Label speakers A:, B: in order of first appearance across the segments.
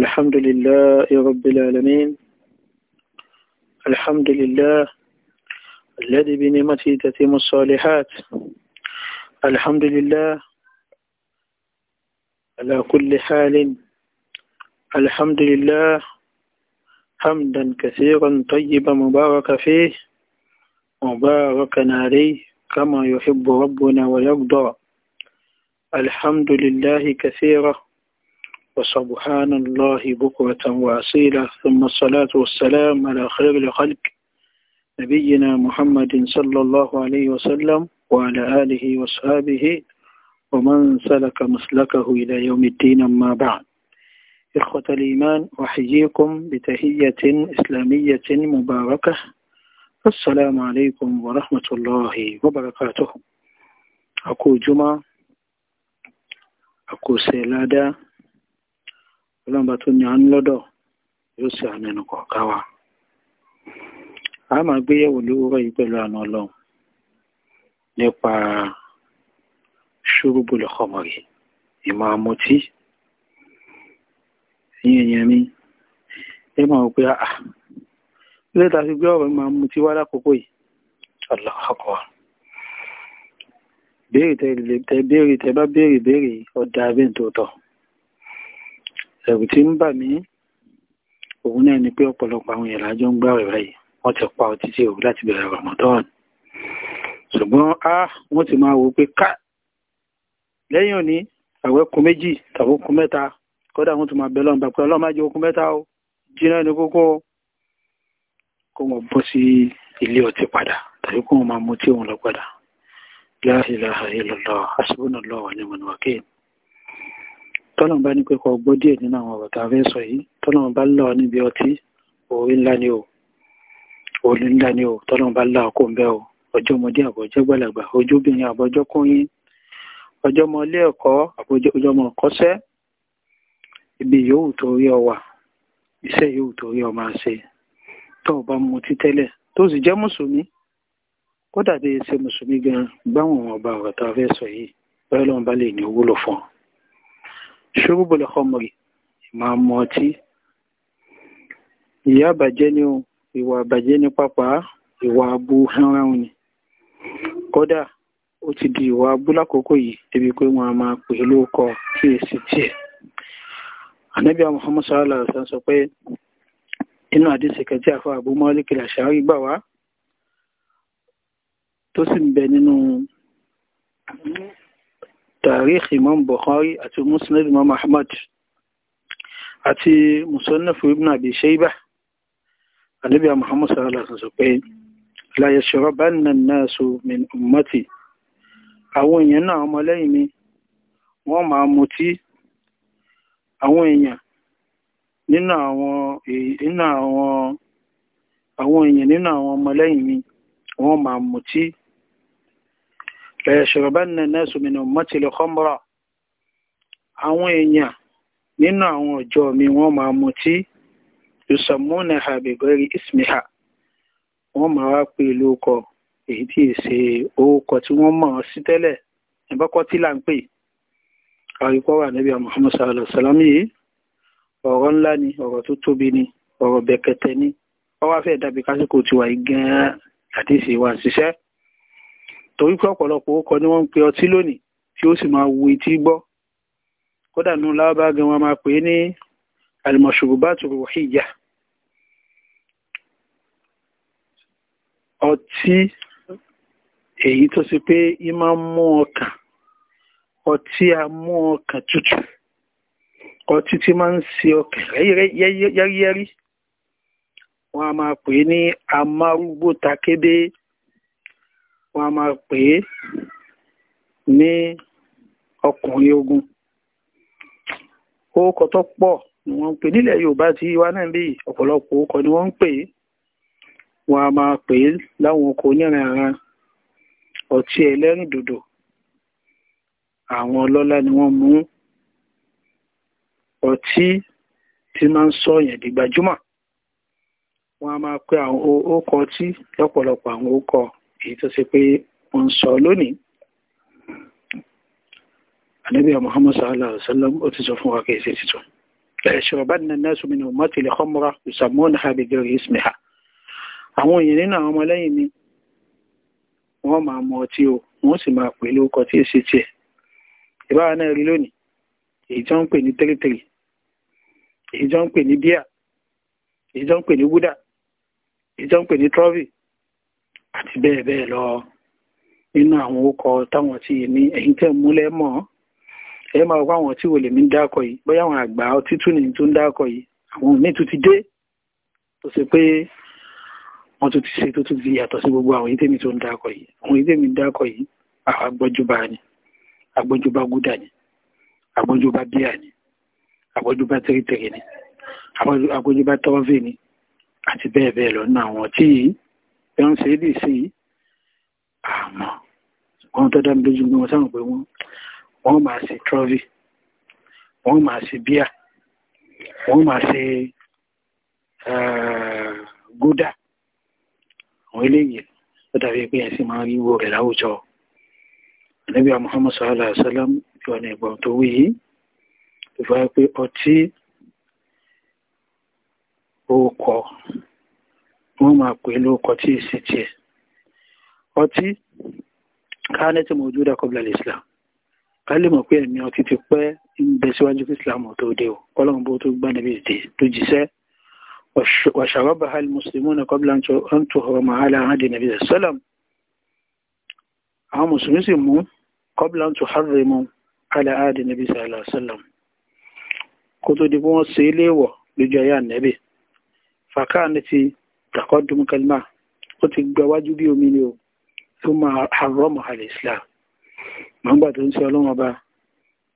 A: الحمد لله رب العالمين الحمد لله الذي بنعمته تتم الصالحات الحمد لله على كل حال الحمد لله حمدا كثيرا طيبا مباركا فيه مباركا عليه كما يحب ربنا ويرضى الحمد لله كثيرا وسبحان الله بكرة وأصيلا ثم الصلاة والسلام على خير الخلق نبينا محمد صلى الله عليه وسلم وعلى آله وصحابه ومن سلك مسلكه إلى يوم الدين أما بعد إخوة الإيمان أحييكم بتهية إسلامية مباركة السلام عليكم ورحمة الله وبركاته أكو جمعة أكو سيلادة ọlọ́mọba tó ní àánú lọ́dọ̀ yóò sì àánú ẹnu kọ̀ọ̀kan wa a máa gbéyẹ̀wò lówóró yìí pẹ̀lú àánú ọlọ́run nípa ṣúrúbùlù khamri ìmọ̀ àmọ́tí ẹ̀yìn èèyàn mi ẹ máa wọ pé àà ilé ìta fi gbé ọ̀rọ̀ máa mú ti wá lákòókò yìí aláàkọ́ béèrè tẹ bá béèrè béèrè ọ̀dà abẹ́ntòótọ́ ẹ̀rù tí ń bà mí òun náà ni pé ọ̀pọ̀lọpọ̀ àwọn èèyàn lájọ ń gbààwẹ̀ báyìí wọ́n ti pa ọtí sí òru láti bẹ̀rẹ̀ Ramadan ṣùgbọ́n a wọ́n ti máa wo pé ká lẹ́yìn òní àwẹ̀ kù méjì tàbí kù mẹ́ta kódà wọ́n ti máa bẹ̀ lọ́nà pé ọlọ́run má jẹ́ okun mẹ́ta o jìnnà ní kókó kó wọn bọ́ sí ilé ọtí padà tàbí kó wọn máa mutí òun lọ padà la ilaha illallah hasbunallahu wa ni'mal wakeel tọ́lọ̀ bá ní pé kọ́ gbọ́ díẹ̀ nínú àwọn ọ̀rọ̀ tá a yìí tọ́lọ̀ bá lọ níbi ọtí orí ńlá ni o orí ńlá ni o tọ́lọ̀ bá lọ kó ń bẹ́ o ọjọ́ ọmọdé àbọ̀jọ́ gbàlagbà ojóbìnrin àbọ̀jọ́ ẹ̀kọ́ àbọ̀jọ́ ibi yòówù tó rí ọ wà iṣẹ́ yòówù tó rí ọ máa ṣe tó o bá mu ti tẹ́lẹ̀ tó sì jẹ́ mùsùlùmí kódà bí ṣe mùsùlùmí gan gbáwọn ọba ọ̀rọ̀ tá a fẹ́ sọ yìí bẹ́ẹ̀ lọ́n bá lè ní owó lò fún ọ ṣorúbọ̀ lọ́kọ̀mọ̀rì ìmọ̀ àmọ́ ọtí ìyá àbàjẹ́ ni ohun ìwà àbàjẹ́ ní pápá ìwà abú hánráhùn ni kódà ó ti di ìwà abú lákòókò yìí débi pé wọn a máa pè é lóòkọ kíyèsí tiẹ̀ ànábì Muhammad sallallahu alaihi wasallam sọ pé inú àdìsí kan tí àfa Abu Malik al-Ash'ari gbà wá tó sì ń bẹ nínú tarikh imam bukhari àti musnad imam ahmad àti musannaf ibn abi shayba anabi muhammad sallallahu alaihi wasallam pé la yashrabanna an-nasu min ummati àwọn èèyàn náà ọmọ lẹ́yìn mi wọ́n máa mutí àwọn èèyàn nínú àwọn nínú àwọn àwọn èèyàn nínú àwọn ọmọ lẹ́yìn mi wọ́n máa mutí ṣùgbọ́n nẹ́ẹ̀sù mi ni mọ́tì lè kọ́mọ́rà àwọn èèyàn nínú àwọn ọjọ́ mi wọ́n máa mutí yusamuna ha bigori ismiha wọ́n máa wá pé ìlú ọkọ̀ èyí tí èsè orúkọ tí wọ́n mọ̀ sí tẹ́lẹ̀ ẹ̀bọ́kọ́ tí là ń pè àríkọ́ wà níbi Muhammad sallallahu alaihi wasallam yìí ọ̀rọ̀ ńlá ni ọ̀rọ̀ tó tóbi ni ọ̀rọ̀ bẹ̀kẹ̀tẹ̀ ni ọwọ́ fẹ́ dàbí kásìkò tiwa yìí gan-an àti ìsìn wa ṣiṣẹ́ torí pé ọ̀pọ̀lọpọ̀ orúkọ ni wọ́n ń pe ọtí lónìí tí ó sì máa wu etí gbọ́ kódà nù lábá gan wọn máa pè é ní al-mashrubatu ruhiyya ọtí èyí tó sì pé í máa ń mú ọkàn ọtí a mú ọkàn tútù ọtí tí máa ń ṣe ọkàn yẹ́rìyẹ́rì wọ́n a máa pè é ní amárúgbó takébé wọ́n a máa pè é ní ọkùnrin ogun orúkọ tó pọ̀ ni wọ́n ń pè nílẹ̀ Yorùbá tí wá náà bí ọ̀pọ̀lọpọ̀ orúkọ ni wọ́n ń pè é wọ́n a máa pè é láwọn oko onírin àrán ọtí ẹlẹ́rìn dòdò àwọn ọlọ́lá ni wọ́n mú ọtí tí máa ń sọ yẹn di gbajúmọ̀ wọ́n a máa pè àwọn orúkọ ọtí lọ́pọ̀lọpọ̀ àwọn orúkọ èyí tó ṣe pé wọ́n sọ lónìí anábíà muhammad sallallahu alaihi wasallam ó ti sọ fún wa kìí ṣe títọ́ ẹ̀ṣọ̀rọ̀bá nínú nẹ́sùn mi ni mo ti lè khamra ìsàmúnà àbí gẹ̀rẹ̀ ismiha àwọn èèyàn nínú àwọn ọmọlẹ́yìn mi wọ́n máa mọ ọtí o wọ́n sì máa pè lóko tí èsì tiẹ̀ ìbára náà rí lónìí èyí tí ń pè ní tẹ́rítẹ́rì èyí tí ń pè ní bíà èyí tí ń pè ní wúdà èyí tí ń pè ní àti bẹ́ẹ̀ bẹ́ẹ̀ lọ nínú àwọn okọ̀ táwọn tí èmi ẹ̀yìn tẹ̀ múlẹ̀ mọ́ ẹ máa wọ àwọn tí olèmí ń dákọ̀ yìí bóyá àwọn àgbà ọtí tún nìyí tó ń dákọ̀ yìí àwọn míì tún ti dé tó ṣe pé wọ́n tún ti ṣe tó tún fi yàtọ̀ sí gbogbo àwọn ìtẹ́mi tó ń dákọ̀ yìí àwọn ìtẹ́mi ń dákọ̀ yìí àwọn agbọ́júbá ni agbọ́júbá gúdà ni agbọ́júbá bíà ni agbọ́júbá tẹ́rítẹ́rì ni agbọ́júbá tọ́ọ̀fì ni àti bẹ́ẹ̀ bẹ́ẹ̀ lọ nínú àwọn ọtí yìí bí wọ́n ṣe é dì sí àmọ́ wọ́n tó dámi lójú gbọ́n sáwọn pé wọ́n wọ́n máa ṣe trọ́fì wọ́n máa ṣe bíà wọ́n máa ṣe eh, gúdà àwọn eléyìí ó dàbí pé ẹ̀sìn máa rí wo rẹ̀ láwùjọ níbi àwọn Muhammad sallallahu alaihi wasallam ìwọ̀n ìgbọ̀n tó wí yìí ìfọwọ́ pé ọtí ó wọ́n máa pè lóòkọ tí ìsìn tí ẹ̀ ọtí káánẹ́tì mọ̀ ojúdá kọbílà islam ká lè mọ̀ pé ẹ̀mí ọtí ti pẹ́ ń bẹ síwájú kí islam tó dé o kọ́lọ́mù bó tó gbá níbi ìdè tó jíṣẹ́ wàṣàwábà hal muslimuna kọbílà ń tó ọ̀rọ̀ màálà àádé nàbí sọ́làm àwọn mùsùlùmí sì mú kọbílà ń tó hàrẹ̀ mọ́ àlà àádé nàbí sọ́làm kó tó di pé wọ́n ṣe é léwọ̀ lójú ayé ànẹ́bì fàkáà ní ti taqaddum kalima ó ti gba wájú bí omi ni o tó máa harọ́mù al-islam màgbà tó ń ṣe ọlọ́run ọba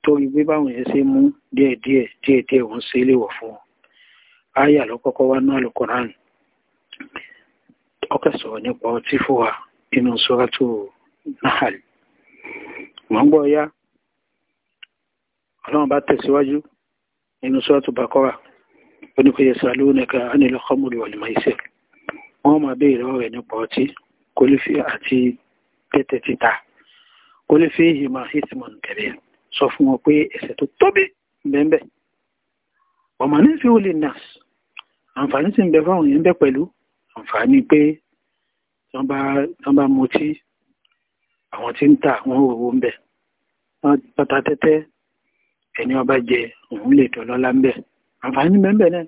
A: tó rí pé báwọn yẹn ṣe mú díẹ̀díẹ̀ díẹ̀díẹ̀ wọ́n ṣe léwọ̀ fún wọn áyà lọ́kọ́kọ́ wá náà al-Qur'an ọkẹ́ sọ̀rọ̀ nípa ọtí fún wa nínú suratu Nahl màgbà ọ̀yá ọlọ́run bá tẹ̀síwájú nínú suratu Baqara ó ní kò yẹ sàlónìkà ánìlọ́kọ́mùlù wal maisir wọ́n máa béèrè lọ́wọ́ rẹ̀ nípa ọtí kólífì àti tẹ́tẹ́ títa kólífì ìhìmọ̀ hitman kẹ̀rẹ́ sọ fún wọn pé ẹ̀ṣẹ̀ tó tóbi bẹ́ẹ̀ ọmọ ní fi wọlé nas àǹfààní sì ń bẹ fáwọn èèyàn bẹ pẹ̀lú àǹfààní pé wọ́n bá mutí àwọn tí ń ta àwọn òwò ń bẹ bàtà tẹ́tẹ́ ẹni ọba jẹ òun lè dọ̀lọ́lá ń bẹ àǹfààní bẹ́ẹ̀ náà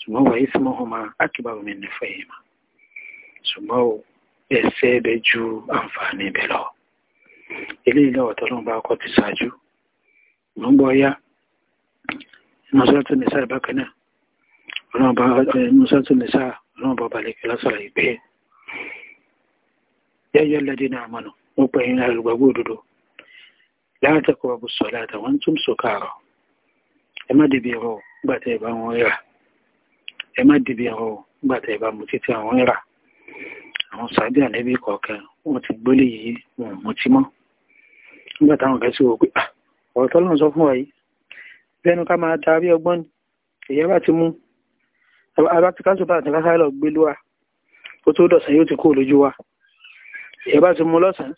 A: ṣùgbọ́n wàá sí mọ́ ọmọ akíbáwọ̀mí nífẹ̀ẹ́ yìí máa ṣùgbọ́n o ẹ̀ṣẹ̀ ẹbẹ̀ ju àǹfààní ibẹ̀ lọ eléyìí náà ọ̀tọ́lọ́run bá kọ́ ti ṣáájú mọ́ ń bọ́ yá mọ́sálátù nìsá ìbákan náà ọlọ́run bá mọ́sálátù nìsá ọlọ́run bá balẹ̀ kí lásàrà ìgbé yẹ́yẹ́ lẹ́dí náà mọ́nà mo pẹ̀ yín alùgbàgbọ́ òdodo látẹ̀kọ́ ọbù sọ látàwọn tún sọ̀kàrọ̀ ẹ má dìbì ẹ̀rọ gbàtẹ̀ ìbá wọn rà ẹ má dìbì ẹ̀rọ gbàtẹ̀ ìbá mutí tí àwọn rà àwọn sàbí ànẹ́bí kọ̀ọ̀kan wọ́n ti gbólé yìí wọn mú tí mọ́ nígbà táwọn kan sì wò pé ah, ọ̀rọ̀ tọ́lọ́run sọ fún wa yìí bẹ́ẹ̀nu ká máa darí ọgbọ́n ni èyí bá ti mú abátikáṣù bá àti kásáré lọ gbé lúwa ó tó dọ̀sán yóò ti kó lójú wa èyí bá ti mú lọ́sàn-án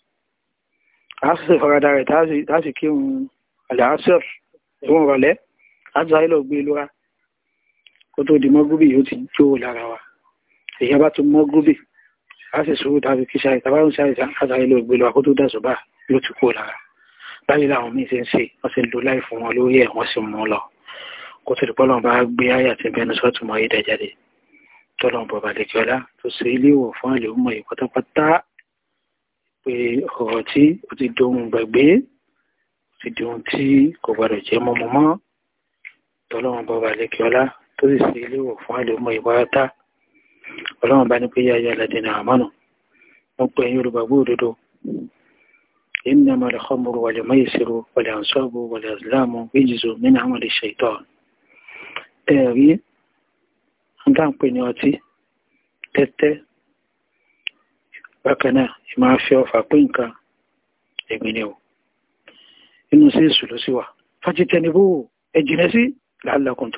A: àásìsì farada rẹ̀ táàsì kírun àlàásìr ìwọ̀n rọ̀lẹ́ àti sáré lọ gbé lúwa ó tó di mọ́gúbì yóò ti jó lára wa èyí bá tún mọ́ gúbì a sì sùúrù tàbí kí ṣáì tàbá ń ṣáì àtàrí ló gbé lọ àkótó dẹ̀sùn bá yóò ti kó lára báyìí làwọn míì ṣe ń ṣe wọ́n sì ń lo láì fún wọn lórí ẹ̀ wọ́n sì mú lọ kó tó dìpọ́ lọ́nà bá gbé àyà tí bẹnu sọ́ọ̀tù mọ́ ìdẹ̀ jáde tọ́lọ́n bọ̀bà lẹ́kẹ́ọ́lá tó ṣe ilé ìwọ̀ fún àlè ọmọ yìí pátápátá pé ọ̀rọ̀ tí ó ti dohun gbàgbé ó ti dohun tí kò gbọdọ̀ jẹ́ mọ́mọ́ mọ́ tọ́lọ́n bọ̀bà lẹ́kẹ́ọ́lá tó ṣe ilé ìwọ̀ fún àlè ọmọ yìí pátápátá ọlọ́run bá ní pé yáyá aládìní àmọ́nà wọ́n pè yín olùgbàgbọ́ òdodo innamal khamru wal maysiru wal ansabu wal azlamu rijzu min amali shaitan ẹ̀rí ọ̀dá ń pè ní ọtí tẹ́tẹ́ bákan náà ìmọ̀ afi ọfà pé nǹkan ẹ̀gbìn ni o inú sí èṣù ló sì wà fájítẹ́nibó ẹ̀jìnẹ́ sí la'allakum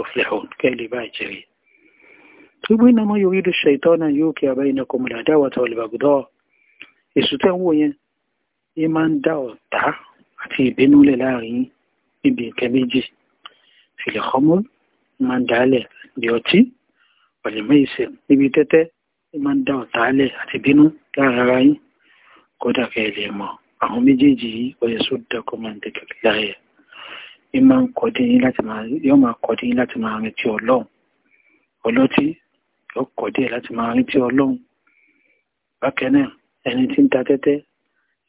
A: gbogbo iná mọ́ yorí ìdúṣe ìtọ́nà yóò kí abẹ́ iná kò múlẹ̀ àdáwà tó lè bàgùdọ́ èṣù tẹ́ ń wò yẹn yẹn máa ń dá ọ̀tá àti ìbínú lẹ̀ láàrin níbi nǹkan méjì fìlẹ̀ xọ́mọ́ máa ń dálẹ̀ bí ọtí ọ̀lẹ́mọ̀ ìṣẹ̀ níbi tẹ́tẹ́ yẹn máa ń dá ọ̀tá lẹ̀ àti ìbínú láàrin àwọn méjèèjì yìí ọ̀yẹ́ só dẹ́kọ̀ máa ń dẹ́kẹ̀ láyẹ̀ yẹn máa ń kọ́ dín láti máa retí ọlọ́run ọlọ́tí yóò kọ̀ díẹ̀ láti máa rántí ọlọ́run bákan náà ẹni tí ń ta tẹ́tẹ́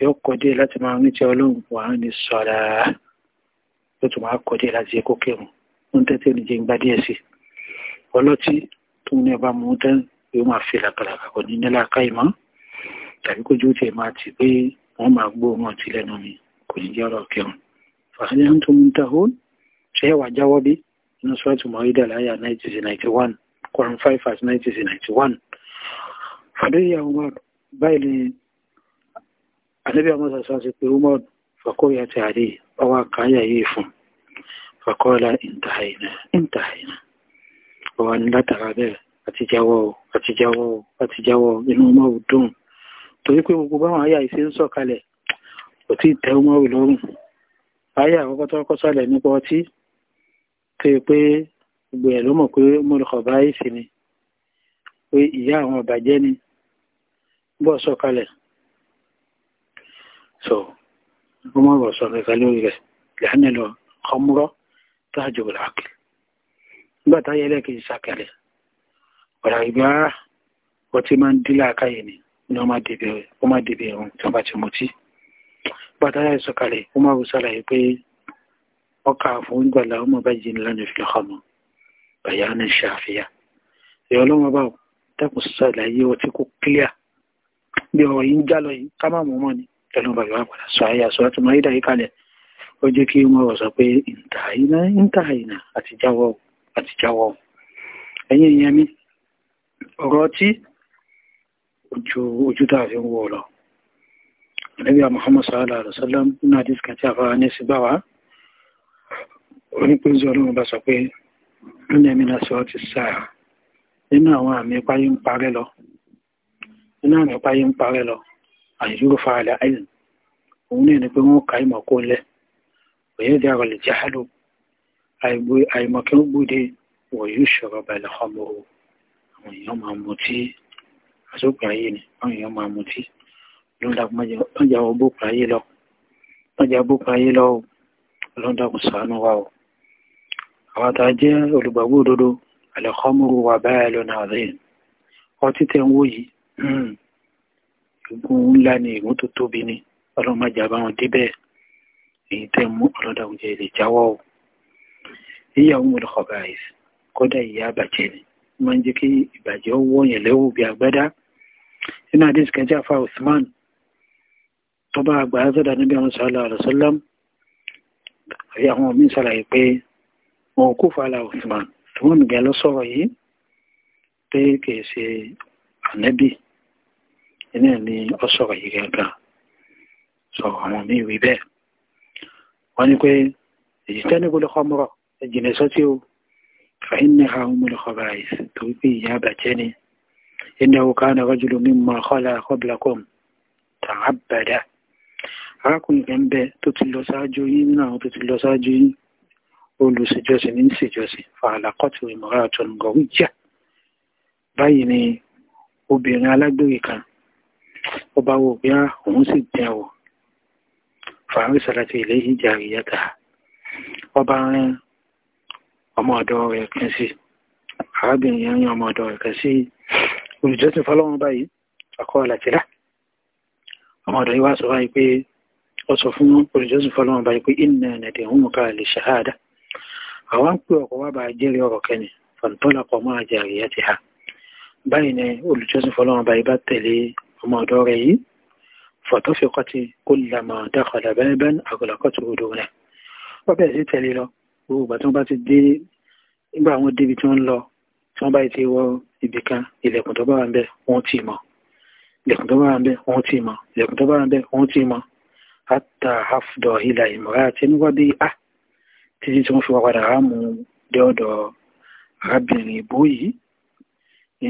A: yóò kọ̀ díẹ̀ láti máa rántí ọlọ́run wà á ní sọ̀rọ̀ yóò tún máa kọ̀ díẹ̀ láti yẹ kó kẹrùn ó ń tẹ́tẹ́ ní jẹ́ ń gbá díẹ̀ sí ọlọ́tí tó ní ọba mú tán yóò máa fi làkàlàkà kò ní nílá ká ìmọ̀ tàbí kójú tiẹ̀ máa tì pé wọ́n máa gbó wọn ti lẹ́nu mi kò ní jẹ́ ọ̀rọ̀ kẹrùn fàhálẹ́ ń tó mú tàhó ṣé wàá jáwọ́ bí inú sọ́ọ̀tù mọ́ ìdàláyà 1991 Quran five verse ninety to ninety one fàdéyà Umar báyìí ni ànábì àwọn sàṣà ti pé Umar fàkóyà ti àdé ọwọ́ àkáyà yìí fún fàkọ́lá ìntàhìnà ìntàhìnà ọwọ́ ni látara bẹ́ẹ̀ àtijáwọ́ àtijáwọ́ àtijáwọ́ inú Umar dùn torí pé gbogbo báwọn àyà ìṣe ń sọ̀kalẹ̀ kò tí ì tẹ́ Umar lọ́rùn àyà àkọ́kọ́ tó kọ́ nípa ọtí tó yẹ pé gbogbo ẹ̀ ló mọ̀ pé mọ́lùkọ̀ báyìí sì ni pé ìyá àwọn ìbàjẹ́ ni bọ́ sọ̀kalẹ̀ so ó mọ̀ bọ̀ sọ kẹta lórí rẹ̀ lẹ́hánà lọ kọmúrọ́ tájò làákì nígbà táyé ẹlẹ́kejì sàkẹlẹ̀ ọ̀rọ̀ ìgbà ọtí máa ń dí làákàyè ni ni wọ́n máa dèbè ẹ̀rùn tí wọ́n bá ti ọmọ bayanin ṣàfihà ẹ̀ ọlọ́run bá dákun ṣàlàyé ọtí kò clear bí ọ̀rọ̀ yìí ń já lọ yìí ká má mọ̀ mọ́ ni ẹlọ́run bàbá padà sọ ayé àṣọ àti máyídà yìí kalẹ̀ ó jẹ́ kí wọ́n rọ̀ sọ pé ìntàhìnà ìntàhìnà àti jáwọ́ àti jáwọ́ ẹ̀yìn ìyẹn mi ọ̀rọ̀ ilẹ̀ na sọ ti sáà nínú àwọn àmì páyé ń parẹ́ lọ nínú àmì páyé ń parẹ́ lọ àyíjúrò farada àìlù òun náà ni pé wọ́n ka ìmọ̀ kó lẹ̀ òye ìdí àrọ̀ lè jáhálò àìmọ̀ kí gbòde yóò ọmọ o àwọn èèyàn máa ma àsopọ̀ ayé ni àwọn èèyàn máa ayé lọ ayé wa o. àwọn tá a jẹ́ olùgbàgbọ́ òdodo alẹ́kọ́mùrù wà báyà lọ́nà àríyìn ọtí tẹ́ ń wò yìí hmm, ìgún ńlá ni ìgún tó tóbi ni ọlọ́mọjà bá wọn débẹ̀ èyí tẹ́ mú ọlọ́dàwùjẹ lè jáwọ́ o ìyàwó mọ̀lẹ́ kọ̀ọ̀bá yìí kódà ìyá àbàjẹ́ ni máa ń jẹ́ kí ìbàjẹ́ wọ́ yẹn lẹ́wọ̀ bí agbádá nínú àdéhùn kẹjá fa Usman tọ́ba àgbà azọ́dà níbi àwọn sọ́lá àlọ́sọ́lá àwọn míín sàlàyé pé mọ̀kúfà la Usman tòun nìgẹ̀ ló sọ̀rọ̀ yìí pé kìí ṣe ànẹ́bì iná ni ọ sọ̀rọ̀ yìí gangan sọ̀rọ̀ àwọn míì wí bẹ́ẹ̀ wọ́n ní pé èyí tẹ́ni gbọ́dọ̀ kọ́ mọ́rọ̀ ẹ̀jìnlẹ̀ sọ́tí o fàyín ní ha ọmọ lọ́kọ̀ báyìí torí pé ìyá àbàjẹ́ ni iná òkà náà rọ́jùlù mímọ́ ọ̀kọ́lá ọ̀kọ́bìlákọ́m tàn ábàdà arákùnrin kan bẹ tó ti lọ ṣáájú yín nínú àwọn tó ti lọ ṣáájú yín olùṣèjọsìn ní ṣèjọsìn fàlàkọ́tù ìmọ̀ra àtọ̀nùgọ̀wì jà báyìí ni obìnrin alágbèrè kan ọba wo bí òun sì dín àwọ̀ fàárí sàlàtì ilé ìjà ìyàtà ọba rìn ọmọ ọ̀dọ́ rẹ̀ kan sí arábìnrin yẹn rìn ọmọ ọ̀dọ́ rẹ̀ kan sí olùjọsìn fọlọ́run báyìí ọkọ àlàtìlá ọmọ ọ̀dọ́ yìí wá sọ báyìí pé ó fún olùjọsìn fọlọ́run báyìí pé ìnà ẹ̀nẹ̀dẹ̀ òun mú ká lè ṣàhádà àwọn ń pè ọkọ̀ wá bá jẹ́rìí ọ̀rọ̀ kẹ́ni fàǹtọ́lápọ̀ máa jẹ àríyá ti ha báyìí ni olùjọ́sìn fọlọ́run báyìí bá tẹ̀lé ọmọ ọ̀dọ́ rẹ̀ yìí fọ̀tọ́fẹ́kọ́tì kó lamọ̀ dákọ̀dà bẹ́ẹ̀ bẹ́ẹ̀ àgọ́lọ́kọ̀tì odò rẹ̀ wọ́n bẹ̀rẹ̀ sí tẹ̀lé lọ gbogbo ìgbà tí wọ́n bá ti dé nígbà àwọn débi tí wọ́n ń títí tí wọ́n fi wá padà ráàmù dé ọ̀dọ̀ arábìnrin ìbò yìí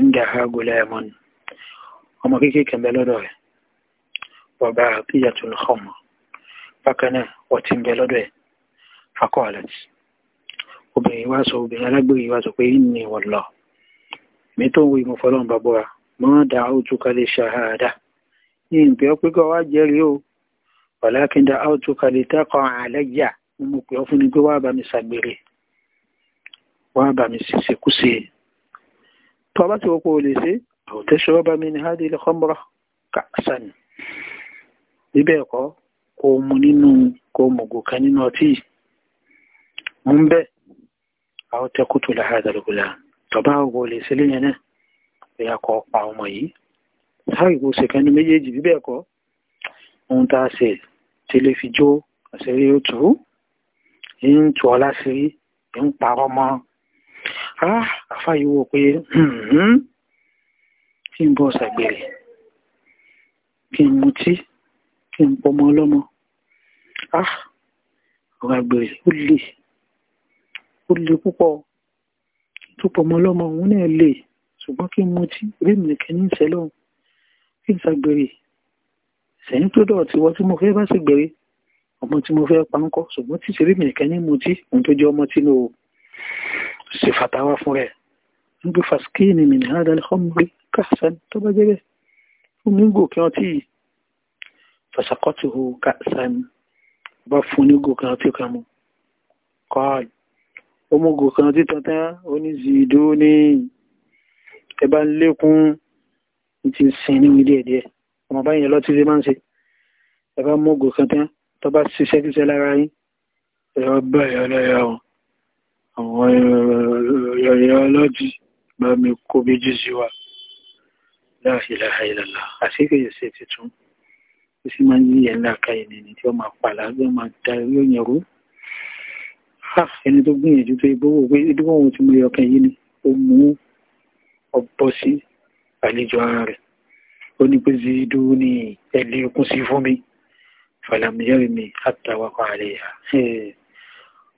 A: ń da agolo ẹ̀mọ́nù ọmọ kéékèèké bẹ lọ́dọ̀ rẹ̀ bàbá àkíyà tó lọ́ ọmọ bákan náà ọtí ń bẹ lọ́dọ̀ ẹ̀ fakọ́ àlẹ́tì obìnrin wá sọ obìnrin alágbèrè wá sọ pé ní wọ̀lọ́ mi tó ń wo ìmọ̀fọ́lọ́n bá bọ́ra mọ́ da áùtúkà lè ṣàhádà ní ìpẹ́ pẹ́kọ̀ wá jẹ́rìí o ọ̀lákíndà áùtúkà lè tẹ́kọ̀ àlẹ́yà mo pè ọ́ fún ni pé wàá bá mi ṣàgbèrè wàá bá mi ṣèṣekúṣe tó a bá ti wọ́pọ̀ lè ṣe àwòtẹ́sọ́ bá mi ní hádé ilẹ̀ khamra kàṣán bíbẹ̀ ẹ̀kọ́ kò mu nínú kò mọ̀gò kan nínú ọtí mo ń bẹ̀ àwòtẹ́kùtù làhádà lọ́gbọ̀lá tó bá wọ́pọ̀ lè ṣe lẹ́yìn náà ẹ̀yà kọ́ pa ọmọ yìí láì kò ṣe kẹ́nu méjèèjì bíbẹ̀ ẹ̀kọ́ ohun tá a ṣe tí fi jó àṣírí ó tù ń tù ọ láṣìírí ń parọ́ mọ́ ah, àfáyíwò pé hmm, kí n bọ́ ṣàgbèrè kí n mutí kí n pọmọ ọlọ́mọ ah, ọ̀rọ̀ ó lè ó lè púpọ̀ tó pọmọ ọlọ́mọ òun náà lè ṣùgbọ́n kí n mutí rémi nìkan ní ìṣẹ́lọ́run kí n ṣàgbèrè sẹ́yìn tó dọ̀ tí wọ́n tí mo fẹ́ bá ṣàgbèrè ọmọ tí mo fẹ́ pankọ́ ṣùgbọ́n tí ṣeré mi nìkan ní mo tí òun tó jẹ́ ọmọ tí mo ṣe fàtàwà fún rẹ̀ ń gbé fàṣkìnì mi ní àádọ́lẹ̀ ọmọdé kásán tó bá jẹ́gẹ́ fún mi ń gòkè ọtí fàṣàkọ́tì ho kásán bá fún ní gòkè ọtí kan mu kọ́ọ̀lù ọmọ gòkè ọtí tọ́tán oníṣìdó ní ẹ bá ń lékún ti sin ní ilé ẹ̀dẹ́ ọmọ báyìí lọ́tí ṣe máa ń ṣe ẹ bá mú gòkè tán tó bá ṣiṣẹ́ kíṣẹ́ lára yín ẹ̀yọ́ bá ẹ̀yọ́ lẹ́yà ọ̀ àwọn ẹ̀yọ́ ọlọ́dì la ilaha illallah àṣíkèyè sí titun ó sì máa ń yí ẹ̀lá káyè nìyí tí ó máa pàlà bí ó máa da ẹni tó gbìyànjú tó ibówó pé ìdúgbò ohun tí mo yọ kan yìí ni ó mú ọbọ sí àlejò ara rẹ̀ ó ní pé zidu ni ẹ̀lẹ́kùn sí fún mi fàlàmìyẹ́rì mi àtàwọ̀kọ̀ àríyá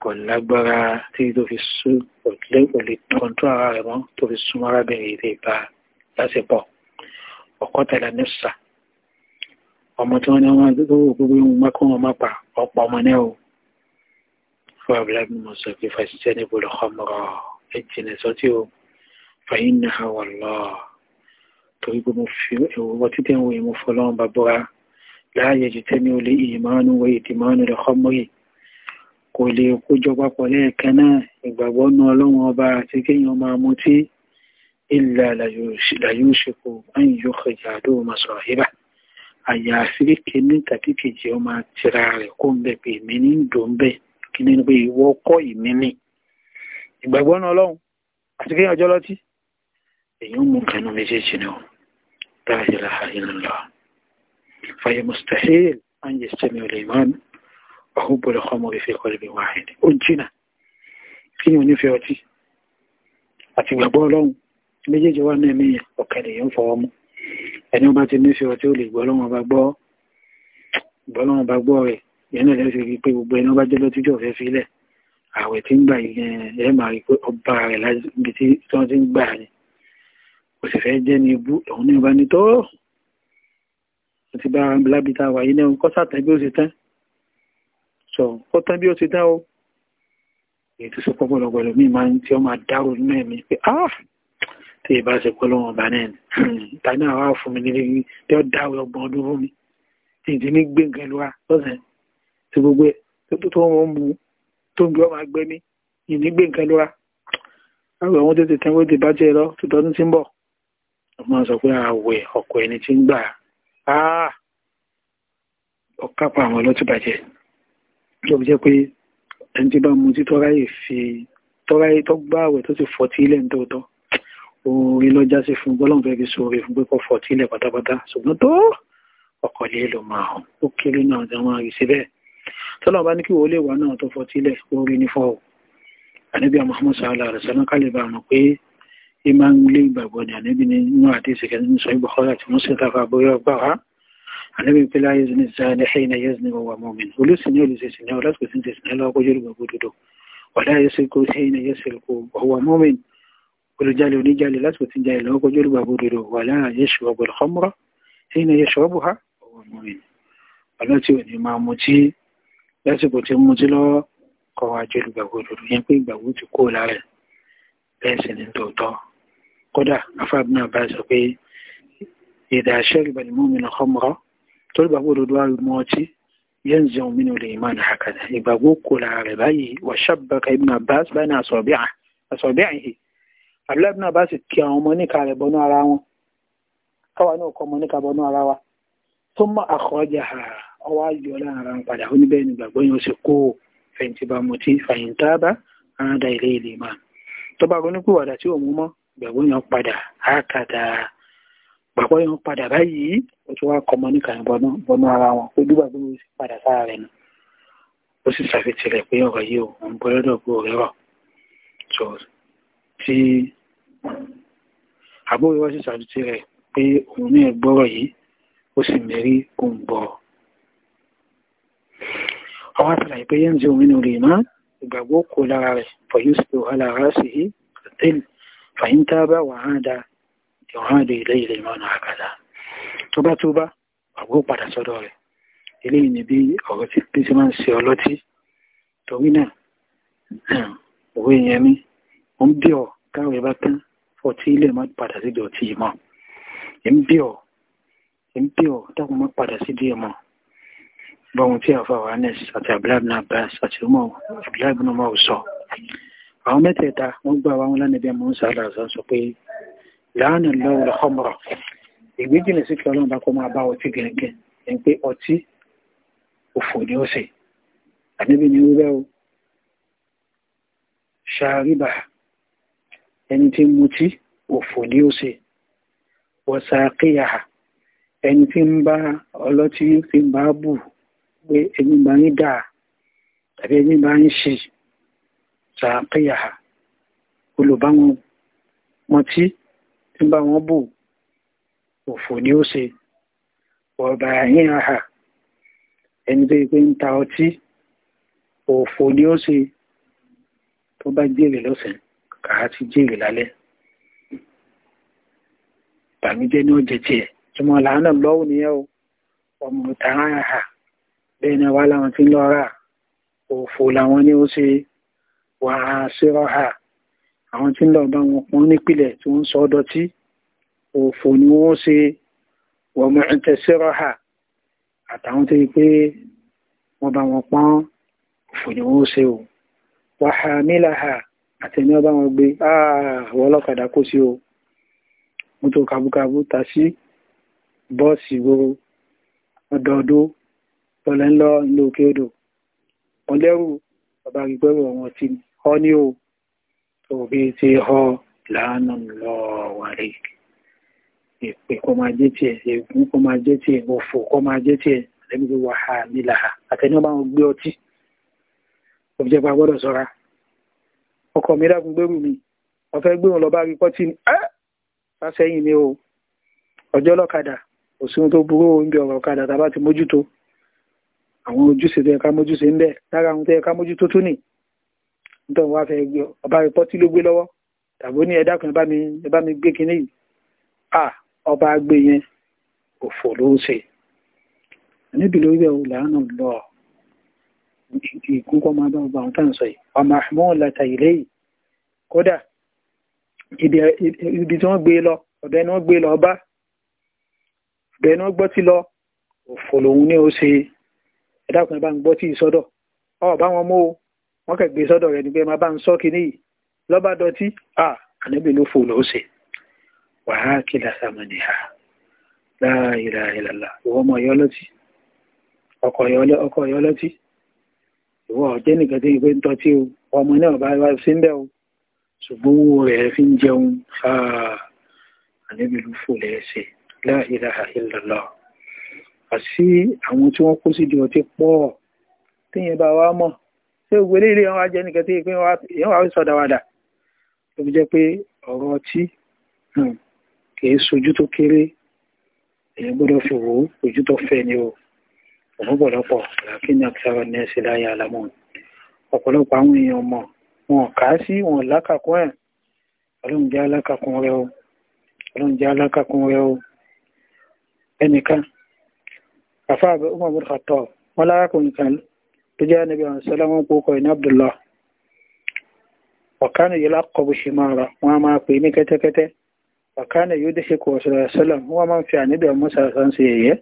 A: kò lágbára tí tó fi sú òlẹ̀ kọ̀ǹtó ara rẹ̀ mọ́ tó fi súnmọ́ arábìnrin ilé ìbá lásìpọ̀ ọ̀kọ́ tẹ̀lé nẹ́sà ọmọ tí wọ́n ní wọ́n tó wò gbogbo ohun mọ́kọ́ wọn má pa ọ̀pọ̀ ọmọ náà o fún abúlábí mo sọ pé fàṣíṣẹ́ níbo lọ́kọ́ mọ́rọ̀ ẹ̀jìnlẹ̀ sọ́tí o fàyín náà wọ̀ lọ́ọ̀ torí gbogbo fi ẹ̀wọ̀ títẹ̀ wọ̀ ìmúfọ́lọ́wọ́n bá bọ́ra la yajtami'u al-imanu wa ìtìmánu rẹ̀ khamri kò lè kójọ papọ̀ lẹ́ẹ̀kan náà ìgbàgbọ́ nú ọlọ́run ọba àti kéèyàn máa mutí illa la yushiku an yukhrija ahaduhuma sahibahu àyàfi kíní tàbí kejì ọmọ tìra rẹ̀ kó ń bẹ̀ pé èmi ní ń dò ń bẹ̀ kí ni pé ìwọ kọ́ ìmí ni ọjọ́ lọ́tí èyí ń mú kẹnu méjèèjì ni ó dáa ìlà ìlà lọ́wọ́. فهي مستحيل أن يجتمع الإيمان وحب الخمر في قلب واحد أجنا kí ni onífẹ́ ọtí àti ìgbàgbọ́ ọlọ́run méjèèjì wà náà mẹ́yàn ọ̀kadà èèyàn fọwọ́ mú ẹni wọ́n bá ti nífẹ́ ọtí ó lè gbọ́ ọlọ́run bá gbọ́ ọlọ́run bá gbọ́ rẹ̀ ìyẹn náà lẹ́sẹ̀ rí pé gbogbo ẹni wọ́n bá jẹ́ lọ́tí jọ fẹ́ sílẹ̀ ààwẹ̀ tí ń gbà yẹn ẹ máa rí pé ọba rẹ̀ láti ibi tí wọ́n ti ń gbà ni kò sì fẹ́ jẹ́ ní ibú òun náà bá ní tọ́ àti bá arábìlábì wà yìí náà kọ́ sàtàn bí ó ṣe tán sọ kọ́ tán bí ó ṣe tán o èyí tó ṣe pọ́pọ́lọpọ̀ máa ń tí ó máa dárò nínú ẹ̀mí pé ah tí ì bá ṣe pọ́ lọ́wọ́ ọba náà ni tani àwa fún mi nílé yìí tí ó dá ọgbọ̀n ọdún fún mi tí ì ti ní gbé nǹkan lọ́wọ́ lọ́sẹ̀ tí gbogbo ẹ̀ tó tó wọ́n mú tó ń gbé ọmọ agbẹ́ mi ì ní gbé nǹkan lọ́wọ́ àwọn àwọn tètè tẹ́wọ́ ti bá jẹ́ lọ tó tọdún Ah, ọ̀kápá àwọn ọlọ́tí bàjẹ́ ló fi jẹ́ pé ẹni tí bá mu tí tọ́ráyè fi tọ́ráyè tó gbá àwẹ̀ tó ti fọtí ilẹ̀ ní tòótọ́ oore lọ́jà sí fún gbọ́lọ́n fẹ́ fi sóore fún pé kọ́ fọtí ilẹ̀ pátápátá ṣùgbọ́n tó ọkọ̀ lè lò máa hàn ó kéré náà tí wọ́n rí sí bẹ́ẹ̀ tọ́lọ́ bá ní kí wọ́n lè wà náà tó fọtí ilẹ̀ oore ní fọ́ ò máa ń lé ìgbàgbọ́ ní àníbi nínú àti ìsìnkẹ́ nínú sọ ìbọ̀kọ́lá tí wọ́n sì tàfà bóyá ọgbà wá àníbi pẹ́lá yézu ní sáàdé ẹ̀yìn náà yézu ní wọ́wà mọ́mìn olùsìn ní olùsẹ̀sìn ní ọlọ́sìn tẹ̀sìn ní ọlọ́kọ́ yóò gbogbo dodo wàlá yézu kó ẹ̀yìn náà yézu kó wọ́wà mọ́mìn olùjalè oníjalè lásìkò tí ń jalè lọ́kọ́ yóò gbogbo dodo wàlá yézu ọgbọ̀n xọ́mùrọ̀ ẹ̀yìn náà yézu ọbùhá wọ́wà mọ́mìn ọlọ́tí ò ní máa mutí lásìkò tí ń mutí lọ́wọ́ kọ́ wájú olùgbàgbọ́ dodo yẹn pé ìgbàgbọ́ ti kó lára ẹ̀ bẹ́ẹ̀ sì ní tòótọ́ kódà afábínà bá sọ pé ìdá ṣẹ́rìbà ni mọ́mí na khamra tó lè gbàgbọ́ òdodo àrùn mọ́ ọtí yẹn ń zẹun mínú lè máa nà àkàdà ìgbàgbọ́ kò lára rẹ̀ báyìí wà ṣàbàkà ibùnà bá báyìí náà àsọ̀bíà yìí àbúlábùnà bá sì kí àwọn ọmọ níka rẹ̀ bọnú ara wọn káwa náà kọ́ ọmọ níka bọnú ara wa tó mọ àkọọ́jà ọwọ́ ayọ̀ lára ń padà ó ní bẹ́ẹ̀ yẹn ó sì kó fẹ̀yìntì bá mutí fàyìntà bá ara da ilé ìlè máa tó bá ronú pìwàdà tí òun mọ́ gbẹ̀wò yẹn padà ákàtà gbàgbọ́ yẹn padà báyìí ó ti wá kọmọ ní kàn bọnú bọnú ara wọn pé dúgbà gbogbo sì padà sára rẹ nù ó sì ṣàfihàn rẹ pé ọ̀rọ̀ yìí ò ń bọ́ lọ́dọ̀ gbogbo rẹ rọ̀ tó tí àbúrò wá sì ṣàfihàn rẹ pé òun náà gbọ́rọ̀ yìí ó sì mérí òun bọ̀ ọwọ́ àtàlàyé pé yẹn ń ṣe òun nínú rè má ìgbàgbọ́ kò lára rẹ̀ for you to allow us to eat فإن تاب وعاد
B: يعاد إليه
A: لمن هكذا tó bá tó bá àgbó padà sọ́dọ̀ rẹ̀ eléyìí ni bí ọ̀rọ̀ ti bí sí máa ń ṣe ọlọ́tí torí náà òwe yẹn mi ó ń bí ọ káwé bá tán ọtí ilé má padà sí di ọtí mọ́ ń bí ọ ń padà sí di mọ́ bọ́n tí àfa wà nẹ́sì àti abúlábùnà bá àti ọmọ abúlábùnà máa sọ àwọn mẹ́tẹ̀ẹ̀ta wọ́n gbà wá wọn lánàá bí ẹmọ ń sàálà àṣà sọ pé
B: láàánú lọ́wọ́
A: lọ́kọ́mọ̀rọ̀ ìgbé sí kí ọlọ́run bá kọ́ máa bá ọtí gẹ̀ẹ́gẹ́ ẹni pé ọtí òfò ni ó sì àníbi ni wíwẹ́ o ṣàríbà ẹni tí ń mutí òfò ni ó sì wọ̀sàkíyà ẹni tí ń bá ọlọ́tí fi ń bá bù pé ẹni bá ń dà tàbí ẹni bá ń ṣe sàákéyàhà olùbáwọn wọn tí ń bá wọn bò òfò ni ó ṣe ọ̀bà àhíhàhà ẹni tó pé ń ta ọtí òfò ni ó ṣe tó bá jèrè lọ́sàn kàá ti jèrè lálẹ́ bàmíjẹ́ ní ọjẹ́ túmọ̀ làánà lọ́wọ́ nìyẹn o ọmọ tààrà bẹ́ẹ̀ ni wà láwọn tí ń lọ́ra òfò làwọn ni ó ṣe wà á sírọ́hà àwọn tí ń lọ bá wọn pọ́n nípìlẹ̀ tí wọ́n sọ dọ̀tí òfò ni wọ́n ṣe wọ́n mọ̀ ẹ̀tẹ̀ sírọ́hà àtàwọn tó yí pé wọ́n bá wọn pọ́n òfò ni wọ́n ṣe o wà á mílàhà àtẹ̀ní ọba wọn gbé àwọn ọlọ́kadà kó sí o mọ́tò kàbúkàbú tàṣí bọ́ọ̀sì gbogbo ọdọọdún tọ́lẹ́ ńlọ òkè odò wọ́n lẹ́rù ọba àgbẹ̀gbẹ̀rù ọ̀wọ́n tí ni họ ní o tó bí ti họ làánà lọ wàrí ìpè kó máa jẹ́ tiẹ̀ ègún kó máa jẹ́ tiẹ̀ òfò kó máa jẹ́ tiẹ̀ lẹ́bi tó wà á nílà àtẹnudọ́ bá wọn gbé ọtí òbíjẹ́ pa gbọ́dọ̀ sọ́ra ọkọ̀ mi dákun gbẹ́rù mi wọ́n fẹ́ gbé wọn lọ bá rí pọ́tì ní ẹ́ sásẹ́yìn ni o ọjọ́ lọ́kadà kò sí ohun tó burú oúnjẹ ọ̀rọ̀ ọ̀kadà tá a bá ti mójútó àwọn ojúṣe tó yẹ ká mójúṣe ń bẹ lára àwọn tó yẹ ká mójútó tún nìyí nítorí wọ́n á fẹ́ gbé ọba rẹ̀ pọ́tí ló gbé lọ́wọ́ tàbí ó ní ẹ̀dá kan ẹ bá mi gbé kinní yìí à ọba gbé yẹn òfò ló ń ṣe níbi lórí ẹ̀ làánà lọ ìkúnkọ́ máa bá ọba àwọn ń sọ yìí ọmọ àmọ́ làtà ilé yìí kódà ibi tí wọ́n gbé lọ ọ̀dọ̀ ẹni wọ́n gbé lọ ọba ọ̀dọ̀ ẹni wọ́n gbọ́ tí lọ òfò lòun ní ó ṣe ẹ̀dá kan ẹ bá ń gbọ́ tí ìsọdọ̀ ọ̀ bá wọn mú o wọ́n kẹ̀ gbé sọ́dọ̀ rẹ̀ ní pé máa bá ń sọ kínní yìí lọ́ba dọtí à ànábì ló fò lọ́ọ́ sè wàá kí lásàmù ni à láàyè ìlàlà ìwọ ọmọ ọyọ lọtí ọkọ ọyọ lọtí ìwọ ọjẹ nìkan tí ìwé ń tọtí o ọmọ náà bá wá sí ń bẹ o ṣùgbọ́n owó rẹ̀ fi ń jẹun ànábì ló fò lẹ́ẹ̀ sè láàyè ìlàlà àti àwọn tí wọ́n kó sídìí ọtí pọ̀ téèyàn bá wá mọ̀ ṣé gbogbo eléyìí wọn wá jẹ́ nìkan tí pé èèyàn wá sọ̀dáwàdà tó fi jẹ́ pé ọ̀rọ̀ ọtí hmm, kì í sojú tó kéré èèyàn gbọ́dọ̀ fi wò ó ojú tó fẹ́ ni o òun pọ̀lọpọ̀ làákínní àkísáwà ní ẹ̀sìn láyé àlámọ́ ọ̀pọ̀lọpọ̀ àwọn èèyàn mọ̀ wọn kà á sí wọn lákàkún ẹ̀ ọlọ́run jẹ́ alákàkún rẹ o ọlọ́run jẹ́ alákàkún rẹ o ẹnìkan àfáà ọmọ ọmọdé kàtọ́ wọn lárakùnrin kan tó jẹ́ níbi àwọn sọ́lọ́wọ́n kókọ̀ ní Abdullah ọ̀kánà yìí lákọ̀bù ṣe máa ra wọ́n a máa pè ní kẹ́tẹ́kẹ́tẹ́ ọ̀kánà yóò dé ṣe kò ọ̀sọ̀rọ̀ sọ́lọ́m wọ́n máa ń fi àníbì ọmọ sàrán sí ẹ̀yẹ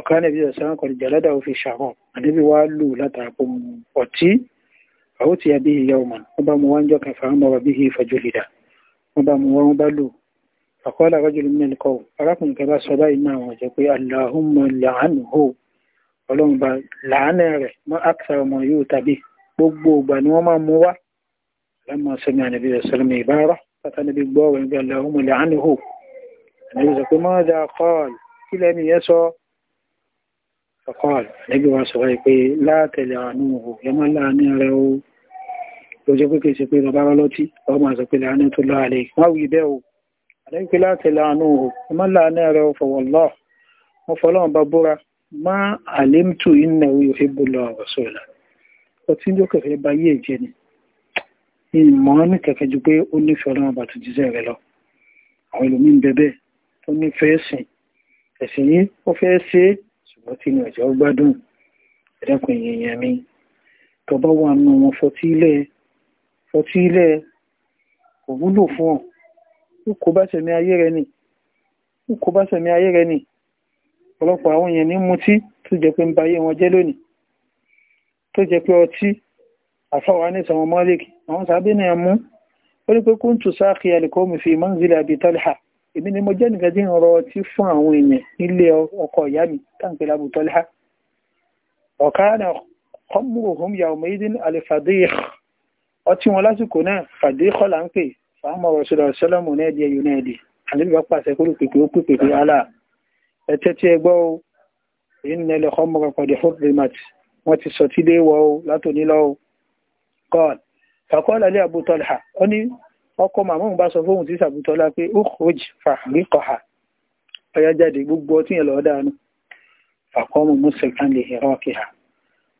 A: ọ̀kánà bí ọ̀sán kọ̀lù jàládà ó fi ṣàhàn àníbì wá lù látàkù ọtí àwọn ti yàbí ìyá ọmọ wọ́n bá mu wá ń jọ kẹfà ọmọ bí i ìfẹjọ lìdà wọ́n bá mu wá wọ́n bá lù ọ̀kọ́ ọlọ́run bá làánà rẹ̀ mọ́ àkàtà ọmọ yóò tàbí gbogbo ìgbà ni wọ́n máa mú wá lọ́mọ sọmi ànàbí rẹ̀ sọlọ́mọ ìbára pátá níbi gbọ́ ọ̀rọ̀ níbi ọ̀là ọmọ làánà hù ànàbí sọ pé mọ́ọ́dà kọ́ọ̀l kí lẹ́nu yẹn sọ kọ́ọ̀l níbi wọn sọ wáyé pé látẹ̀lẹ̀ àánú hù yẹn máa láàánú rẹ̀ o ló jẹ́ pé kì í ṣe pé bàbá ọlọ́tí ọmọ àṣọ má àlémtò iná oyò ìbòlò àwọ̀sọ́lá ọtí ló kẹfẹ́ bá yí ẹ̀jẹ́ ni ìmọ̀ ní kẹfẹ́ ju pé ó nífẹ̀ẹ́ ọlọ́run bàtú jíṣẹ́ rẹ lọ àwọn ìlúmí ń bẹ̀bẹ̀ ó nífẹ̀ẹ́ ẹ̀sìn ẹ̀sìn yìí ó fẹ́ ṣe é ṣùgbọ́n tí ní ọ̀jọ́ gbádùn ẹ̀dẹ́kùn èèyàn mi tó bá wà nù wọn fọtílẹ̀ fọtílẹ̀ kò wúlò fún ọ ó kó bá sẹ̀mí ayé rẹ nì ó kó bá sẹ̀mí ayé rẹ nì ọ̀pọ̀lọpọ̀ àwọn èèyàn ní mutí tó jẹ́ pé ń bayé wọn jẹ́ lónìí tó jẹ́ pé ọtí àfáwà ní sọmọ malik àwọn sàábé náà mú ó ní pé kúntù sáàkì alìkọ́mù fi manzili abi talha èmi ni mo jẹ́ nìkan tí ń rọ ọtí fún àwọn èèyàn nílé ọkọ ìyá mi táǹpé labu talha ọ̀kánà khamruhum di ẹ̀yọ́ náà di àníbàpàṣẹ kúrò pèpè ó pèpè alá ẹ tẹ́tí ẹ gbọ́ o èyí ni ẹlẹ́ ọmọkàn pàdé hurrimat wọ́n ti sọ tí léèwọ̀ o látòní lọ o god fàkọ́ọ̀lá lé Abu Talha ó ní ọkọ màmá òun bá sọ fóun tí sàbùtọ́lá pé ó kòjì fàgbékọ̀ha ọyá jáde gbogbo ọtí yẹn lọ́ọ́ dáa nù fàkọ́ọ̀mù mùsùlùmí lè hẹ̀rọ kìhà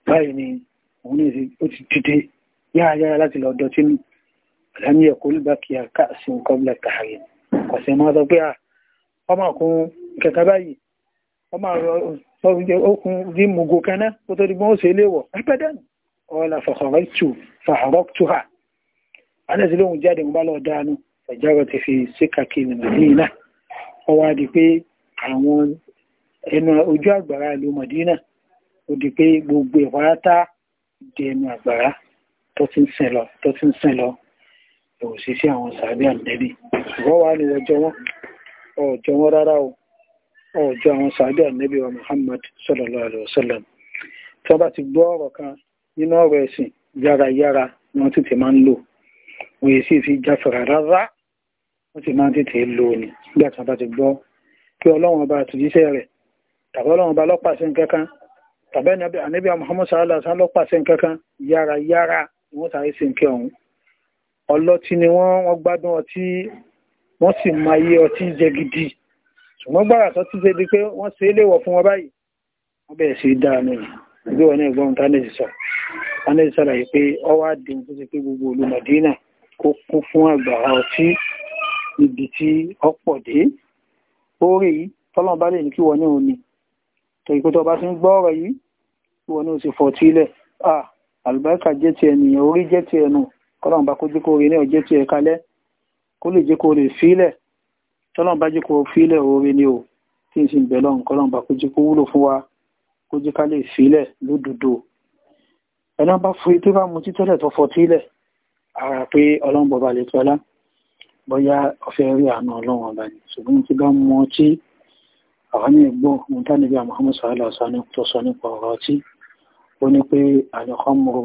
A: báyìí ni òun ní ó ti dìde yára láti lọ dọtí nù ọ̀làmì ẹ̀kọ́ olùbákìyà káàsì kẹ̀kẹ́ báyìí wọ́n máa rọ oúnjẹ okùn rí mùgò kan náà kó tó di gbọ́n ó ṣe léwọ̀ ẹgbẹ́dẹ́ ọ̀la fàkọ̀rọ̀tù fàkọ̀rọ̀tù hà anẹ́sì lóhun jáde mo bá lọ dánú ẹ̀jáwọ̀ ti fi síkàkì nìmọ̀dínà ó wá di pé àwọn ẹnu ojú àgbàrá ìlú mọ̀dínà ó di pé gbogbo ìpárátá di ẹnu àgbàrá tó ti ń sìn lọ tó ti ń sìn lọ òṣìṣẹ́ àwọn sàbí nẹ́bí ṣùgbọ́n wà ní ọjọ́ wọn ọjọ́ wọn rárá o ọjọ́ àwọn sàádé ànẹ́bí wa Muhammad sallallahu alaihi wasallam tí wọ́n bá ti gbọ́ ọ̀rọ̀ kan nínú ọ̀rọ̀ ẹ̀sìn yárayára ni wọ́n tètè máa ń lò wọ́n yìí sì fi jáfẹ̀rẹ̀ rárá wọ́n sì máa tàbí Muhammad sallallahu alaihi wasallam lọ́pàṣẹ nǹkankan yárayára ni wọ́n sáré sí nǹkẹ́ ọ̀hún ọlọ́tí ni wọ́n gbádùn ọtí wọ́n sì máa yé ọtí jẹ gidi ṣùgbọ́n gbàrà tó ti ṣe di pé wọ́n ṣe é léwọ̀ fún wọn báyìí wọ́n bẹ̀rẹ̀ sí dáa ní ìgbé wọn náà gbọ́n tánẹ́sì sọ tánẹ́sì sàlàyé pé ọwọ́ àdéhùn tó ṣe pé gbogbo olùmọ̀dínà kó kún fún àgbàrá ọtí níbi tí ọ̀pọ̀ dé orí yìí tọ́lọ́n bá lè ní kí wọ́n ní òní tó ìkú tó bá ti ń gbọ́ ọ̀rọ̀ yìí kí wọ́n ní ó sì fọ́ tí ilẹ̀ ah àlùbáríkà jẹ́ ti ènìyàn orí jẹ́ ti ẹnu kọ́lọ́n bá kó jẹ́ kó rí náà jẹ́ ti ẹ̀kalẹ́ kó lè jẹ́ kó lè fílẹ̀ tọ́lọ́n bá jẹ́ kó fílẹ̀ oore ni o tí n sì bẹ̀ lọ́n kọ́lọ́n bá kó jẹ́ kó wúlò fún wa kó jẹ́ ká lè fílẹ̀ lódodo ẹ̀nà bá fún tó bá mutí tẹ́lẹ̀ tó fọtílẹ̀ ara pé ọlọ́run bọba lè tọ́lá bóyá ọ̀fẹ́ rí àánú ọlọ́run ọba ni ṣùgbọ́n tí bá mú ọtí àwọn ní ẹgbọ́n ohun tá níbi Muhammad sallallahu alaihi wasallam tó sọ nípa ọ̀rọ̀ ọtí ó ní pé àlùkọ́mùrù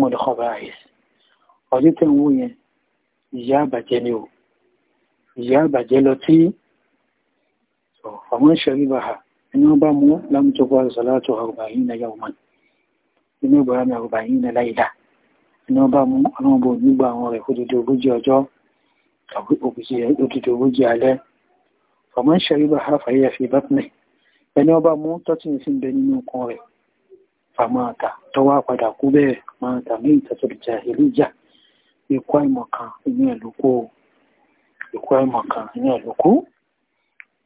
A: mọ̀lẹ́kọ̀ọ́bà àìsí ọdí tẹ̀ ń wú yẹn ìyá àbàjẹ́ ni o ìyá àbàjẹ́ lọ tí àwọn ìṣẹ̀rí bá ha ẹni wọ́n bá mú lámùtọ́kọ́ àṣàlátò àrùbáyìn na yàwó mọ́ni inú ìgbà ní àrùbáyìn na láìdá ẹni wọ́n bá mú àwọn ọmọ onígbà àwọn rẹ̀ fódìdí ogójì ọjọ́ tàbí òkùsì òdìdí ogójì ha fàyè fi bátìmẹ̀ ẹni wọ́n bá mú tọ́tìn sí bẹ nínú kan rẹ̀ fàmáàtà tọ́wọ́ padà kú bẹ́ẹ̀ máa tà ní ìtàtọ̀ ìjà ìlú ìjà ikú àìmọ̀kan inú ẹ̀ lókòó ìkú ẹ̀mọ̀ kan ní ọ̀lùkú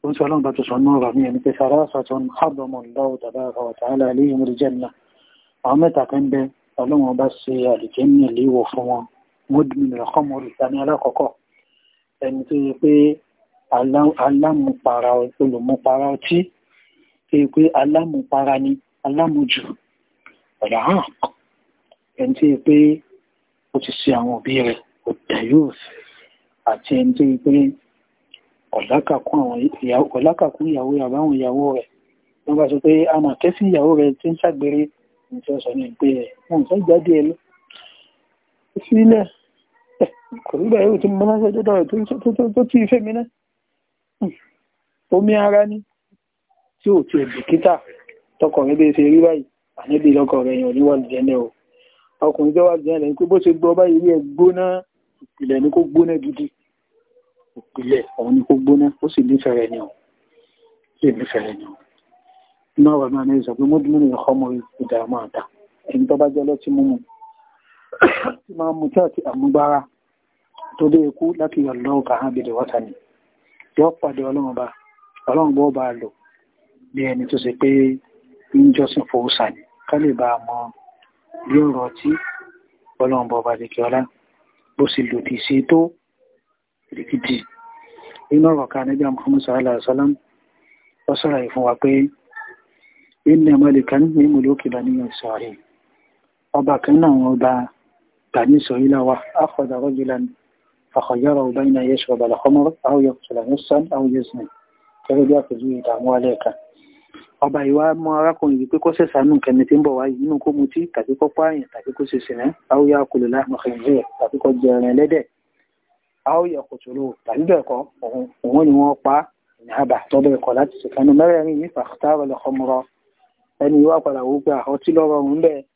A: ó ń sọ ọlọ́run bá tó sọ náà rà ní ẹni pé sára sọ́tún àbọ̀mọ̀ lọ́wọ́ tàbí àwọn tààlà ilé ìmúrí jẹ́ nà àwọn mẹ́ta kan bẹ ọlọ́run ọba ṣe àlùjẹ́ ní ilé ìwọ̀ fún wọn wọ́n dùn ní ọkọ̀ mọ́ olùta ní alákọ̀ọ́kọ́ hàn ẹni tó yẹ pé ó ti ṣe àwọn òbí rẹ̀ ọ̀dà yóò fẹ́ àti ẹni tó yí pé ọ̀lákàkún ìyàwó àbáwọn ìyàwó rẹ̀ wọ́n bá sọ pé a mọ̀ kẹ́sí ìyàwó rẹ̀ tí ń ṣàgbére nǹkan sọ ní pé wọ́n fẹ́ jáde ẹ lọ sílẹ̀ eh, kò rí bẹ̀rẹ̀ tí mo máa ń sọ́jọ́ dọ̀rọ̀ tó tí ìfẹ́ mi náà hmm. omi ara ní tí ò ti ẹ̀bùkítà tọkọ̀ rẹ̀ bẹ́ẹ̀ ṣe rí báyìí àníbi lọkọ̀ rẹ̀ yàn níwà lùjẹ́nẹ̀ o ọkùnrin tó wà lùjẹ́nẹ̀ pé bó ṣe gbọ́ báyìí rí ẹ gbóná ìpìlẹ̀ ní kó gbóná gidi ìpìlẹ̀ òun ni kó gbóná ó sì nífẹ̀ẹ́ rẹ̀ ni ọ̀ sì nífẹ̀ẹ́ rẹ̀ ni ọ̀ iná ọ̀rọ̀ náà ní sọ pé mo dúró nìyẹn ọmọ ìdààmú àdá ẹni tó bá jẹ́ ọlọ́tí mímu tí máa mú tí àti àmúgbára tó dé ikú láti yọ lọ́wọ́ kàán bèèrè wọ́ta ni yọ pàdé ọlọ́run bá ọlọ́run bó bá lò bí ẹni tó ṣe pé ń jọ́sìn fòwúsà ni ká lè bá a mọ bí ọ̀rọ̀ tí ọlọ́run bó bá lè kí ọlá bó sì lòdì sí tó gidigidi inú ọ̀rọ̀ kan níbi Muhammad sallallahu alaihi wasallam ó sọ̀rọ̀ yìí fún wa pé inú ẹ̀mọ́lẹ̀ kan ní mùlókì bá níyàn sọ̀rọ̀ ọba kan náà wọn bá gbà ní sọ̀rí lọ́wọ́ akhadha rajulan fakhayyaru bayna yashrabu al ọba ìwà mọ arákùnrin yìí àwòyẹ kòtòrò tàbí bẹ́ẹ̀ kọ́ òun ni wọ́n pa ìyáàbà tó bẹ́ẹ̀ kọ́ láti ṣèkánu mẹ́rẹ̀ẹ̀rin yìí fàkítàrà lọ́kọ́mọ́rọ́ ẹni wá padà wó gbà ọtí lọ́rọ̀ ń bẹ́ẹ̀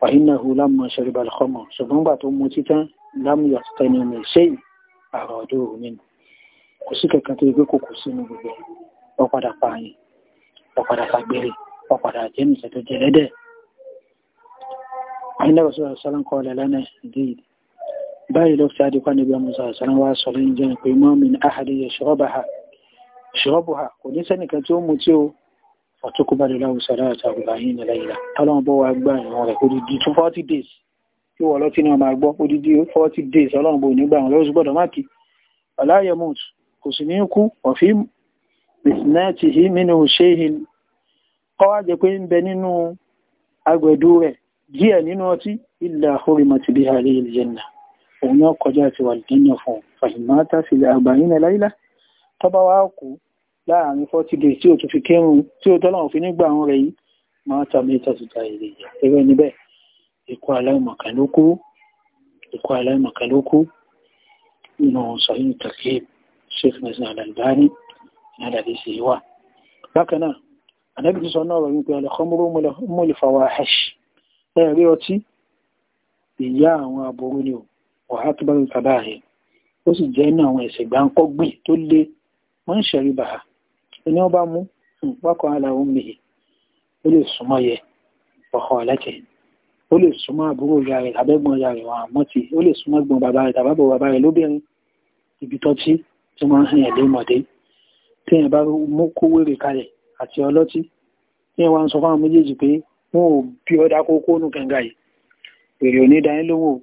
A: wàhínà hù lámọ̀ ṣẹ̀rìbà lọ́kọ́mọ̀ ṣùgbọ́n gbà tó mu títán lámúyà tẹni mi ṣe àrà ọjọ́ òní nù kò sí kankan tó gbé kòkò sínú gbogbo ọ̀padà pààyàn ọ̀padà fagbére ọ̀padà jẹ́nìṣẹ́ tó jẹ́ lẹ́dẹ̀ wàhínà rẹ̀ sọ́dọ̀ sálọ́ńkọ́ báyìí ló fi adìpá níbi ọmọ sàásán wá sọ lẹ́yìn jẹ́ pé mọ́ mi ní àhàdé yẹ ṣọ́bùhà kò ní sẹ́nìkan tí ó mú tí ó ọ̀tọ́kùbá lè láwù sàrá àtàkùbá days tí wọ́n lọ́tí náà máa days ọlọ́run bò ní gbà wọn lọ́sùn gbọ́dọ̀ máàkì ọláyẹmùt kò sì ní kú ọ̀fí bìsínẹ́ẹ̀tì yìí nínú ṣéhìn kọ́ wá jẹ pé ń bẹ nínú agbẹ̀dú rẹ̀ díẹ̀ nínú ọtí ilẹ̀ àhórí mọ̀tìbí àlẹ́ ìlẹ̀ náà òun náà kọjá àti wà lẹ́yìn fún fàhìmáta sí àgbáyìn láìlá tó bá wá kú láàrin forty days tí ò tún fi kírun tí ó tọ́lá òfin nígbà àwọn rẹ̀ yìí máa tàbí tàtútà èrè ìyà eré níbẹ̀ ikú aláìmọ̀kànlókú ikú aláìmọ̀kànlókú nínú sọ̀yìn tàkì sheikh nasir al-Albani nádàbí sí wà bákan náà anábì ti sọ náà rọ̀ wípé al-khamru ummul fawahish ẹ̀rí ọtí ìyá àwọn aburú ni o ọ̀hátúbọ̀lù kàbáàrẹ̀ ó sì jẹ́ inú àwọn ẹ̀ṣẹ̀ gbáǹkọ́gbìn tó lé wọ́n ń ṣẹ̀rí bàá ẹni ọba mú nǹpákọ̀ aláwọ̀ mèyí ó lè súnmọ́ yẹ ọ̀họ̀ ọ̀lẹ́kẹ̀ ó lè súnmọ́ àbúrò ìyá rẹ̀ tàbẹ́gbọ̀n ìyá rẹ̀ wọn àmọ́ ti ó lè súnmọ́ gbọ̀n bàbá rẹ̀ tàbábọ̀ bàbá rẹ̀ lóbìnrin ibi tó tí tí wọ́n ń hàn yàn lémọ̀dé tí yẹn bá mú kó kalẹ̀ àti ọlọ́tí tí yẹn wá ń sọ fáwọn méjèèjì pé wọn ò bí ọdá kókó nù kẹ̀ǹgà yìí èrè onídàáyé lóhùn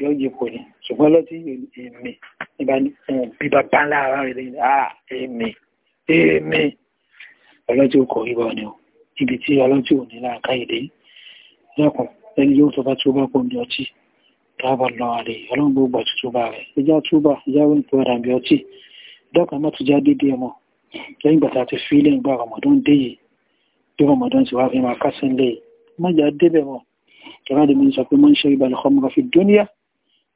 A: yóò yí kò ní ṣùgbọ́n lọ́tí èmi bí bàbá ńlá ara rẹ̀ lẹ́yìn ah èmi èmi ọlọ́tí ò kò rí bọ́ ni o ibi tí ọlọ́tí ò ní láàká ìdè lẹ́kùn ẹni yóò tó bá tó bá kó ní ọtí tábà lọ àlè ọlọ́run gbogbo àtútù bá rẹ̀ ìjà túbà ìjà òun tó rà bí ọtí dọ́kà má tún já dédé ọmọ lẹ́yìn gbàtà ti fi ilé ìgbà ramadan dé yìí bí ramadan ti wá fi máa kásẹ̀ lé má já débẹ̀ mọ́ kẹrẹ́dẹ̀ mi sọ pé mọ́ ń ṣe ìbàlẹ̀ ọmọ fi dúníyà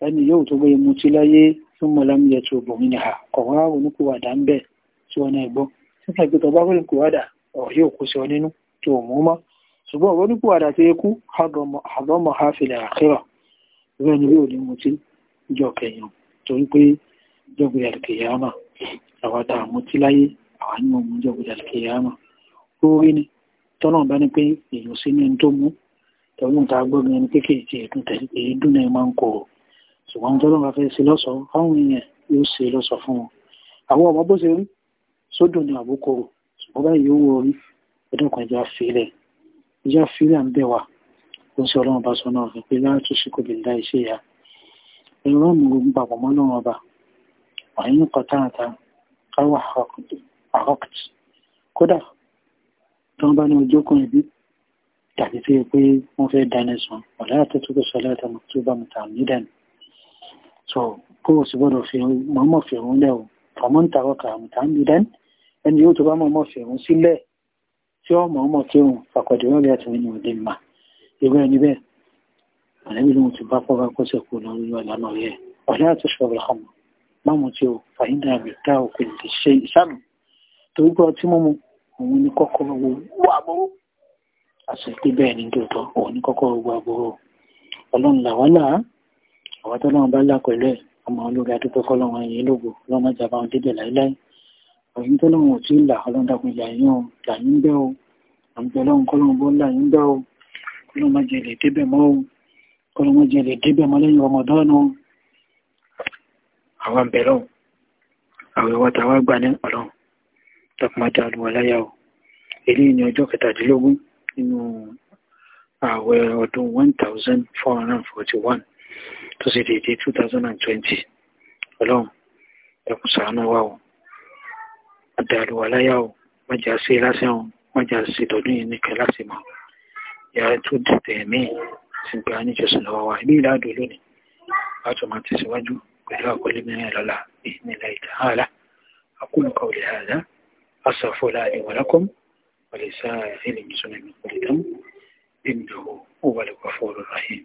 A: ẹni yóò tó gbé mutí láyé fún mọ̀lámúyẹ tó bò mí nìha kọ̀wá oníkùwàdà ń bẹ̀ tí wọn náà gbọ́ sísè pé tọ́ba rẹ̀ kùwàdà ọ̀rọ̀ yóò kó sí ọ nínú tó mú mọ́ ṣùgbọ́n ọ̀rọ̀ oníkùwàdà tó yẹ kú àbọ̀mọ̀ hafilẹ̀ àkírọ̀ ìwé ni yóò ní mutí jọ kẹyìn torí pé jọgbìyà kìyàmà àwọn tá a mutí láyé àwọn ní òun jọgbìyà kìyàmà lórí ni tọ́nà bá ní pé èèyàn sí ní tó mú tọ́nà tá a gbọ́ mi ní kékeré ṣùgbọ́n tó lọ́n fẹ́ ṣe lọ́sọ̀ fáwọn èèyàn yóò ṣe lọ́sọ̀ fún wọn àwọn ọmọ bó ṣe rí sódò ní àbúkòrò ṣùgbọ́n báyìí yóò wọ orí ẹ̀dọ́kan ìjà fílẹ̀ ìjà fílẹ̀ ń bẹ̀ wá ó sì ọlọ́run bá sọ náà rẹ̀ pé láti ṣíkò bí dá iṣẹ́ ya ẹ̀rọ mú un papọ̀ mọ́ lọ́run ọba wàyí nǹkan táàtà káwà àrọ́kìt kódà tí wọ́n bá ní ọjọ́ kan ìbí tàbí pé wọ́n fẹ́ dáná sùn ọ̀lá àtẹ́tù tó sọ láti àmọ́ tó bá mi tà ní dànù so kó o sì gbọ́dọ̀ fi mọ́mọ́ fèrún lẹ̀ o fàmọ́ ń tàrọ kà àmùtà ń bidán ẹni yóò tó bá mọ́mọ́ fèrún sílẹ̀ tí ó mọ̀ọ́mọ̀ kírun fàkọ̀dẹ̀wọ́ bí àtúnwé ni òde mà irú ẹni bẹ́ẹ̀ àlẹ́bí lóhun ti bá pọ́bá kó sẹ̀kú lórí ọ̀lànà yẹ ọ̀lẹ́ àtúnṣọ́rọ̀ ọ̀hún mọ́mú tí o fàyídà rẹ̀ dá òkun ti ṣe ìsáàmù torí pé ọtí mọ́mú òun ní kọ́kọ́rọ́ gbogbo àbúrò àṣẹ pé bẹ́ẹ̀ ni tòótọ́ òun ní kọ́kọ́rọ́ gbogbo àbúrò ọlọ́run làwọn náà àwọn tó lọ́wọ́ bá là pẹ̀lú ẹ̀ ọmọ olórí adúgbò kọ́lọ́wọ́ yìí lógo lọ́mọ ìjàmbá wọn dédé láíláí ọ̀yìn tó lọ́wọ́ ò tí ì là ọlọ́dàkùn ìyá yín o là yín bẹ́ o àǹtẹ̀ ọlọ́run kọ́lọ́wọ́ bó là yín bẹ́ o kọ́lọ́mọ jẹ lè débẹ̀ mọ́ o kọ́lọ́mọ jẹ lè débẹ̀ mọ́ lẹ́yìn ọmọdọ́nù àwọn bẹ̀rọ̀ àwọn ìwà tàwa gbà ní ọlọ́run tọkùnmájà tó ṣe déédéé 2020 ọlọ́run ẹkùn ṣàánú wa o àdàlùwà láyà o májà sí lásán o májà sí tọdún yìí nìkan láti mọ yàrá tó dìtẹ̀ mí sì gba níjọsìn lọ́wọ́ wa ibi ìlàdó lónìí láti máa tẹ̀síwájú pẹ̀lú àkọlé mìíràn lọ́la بإذن الله تعالى أقول قولي هذا أصرف لي ولكم ولسائر المسلمين كلهم إنه هو الغفور الرحيم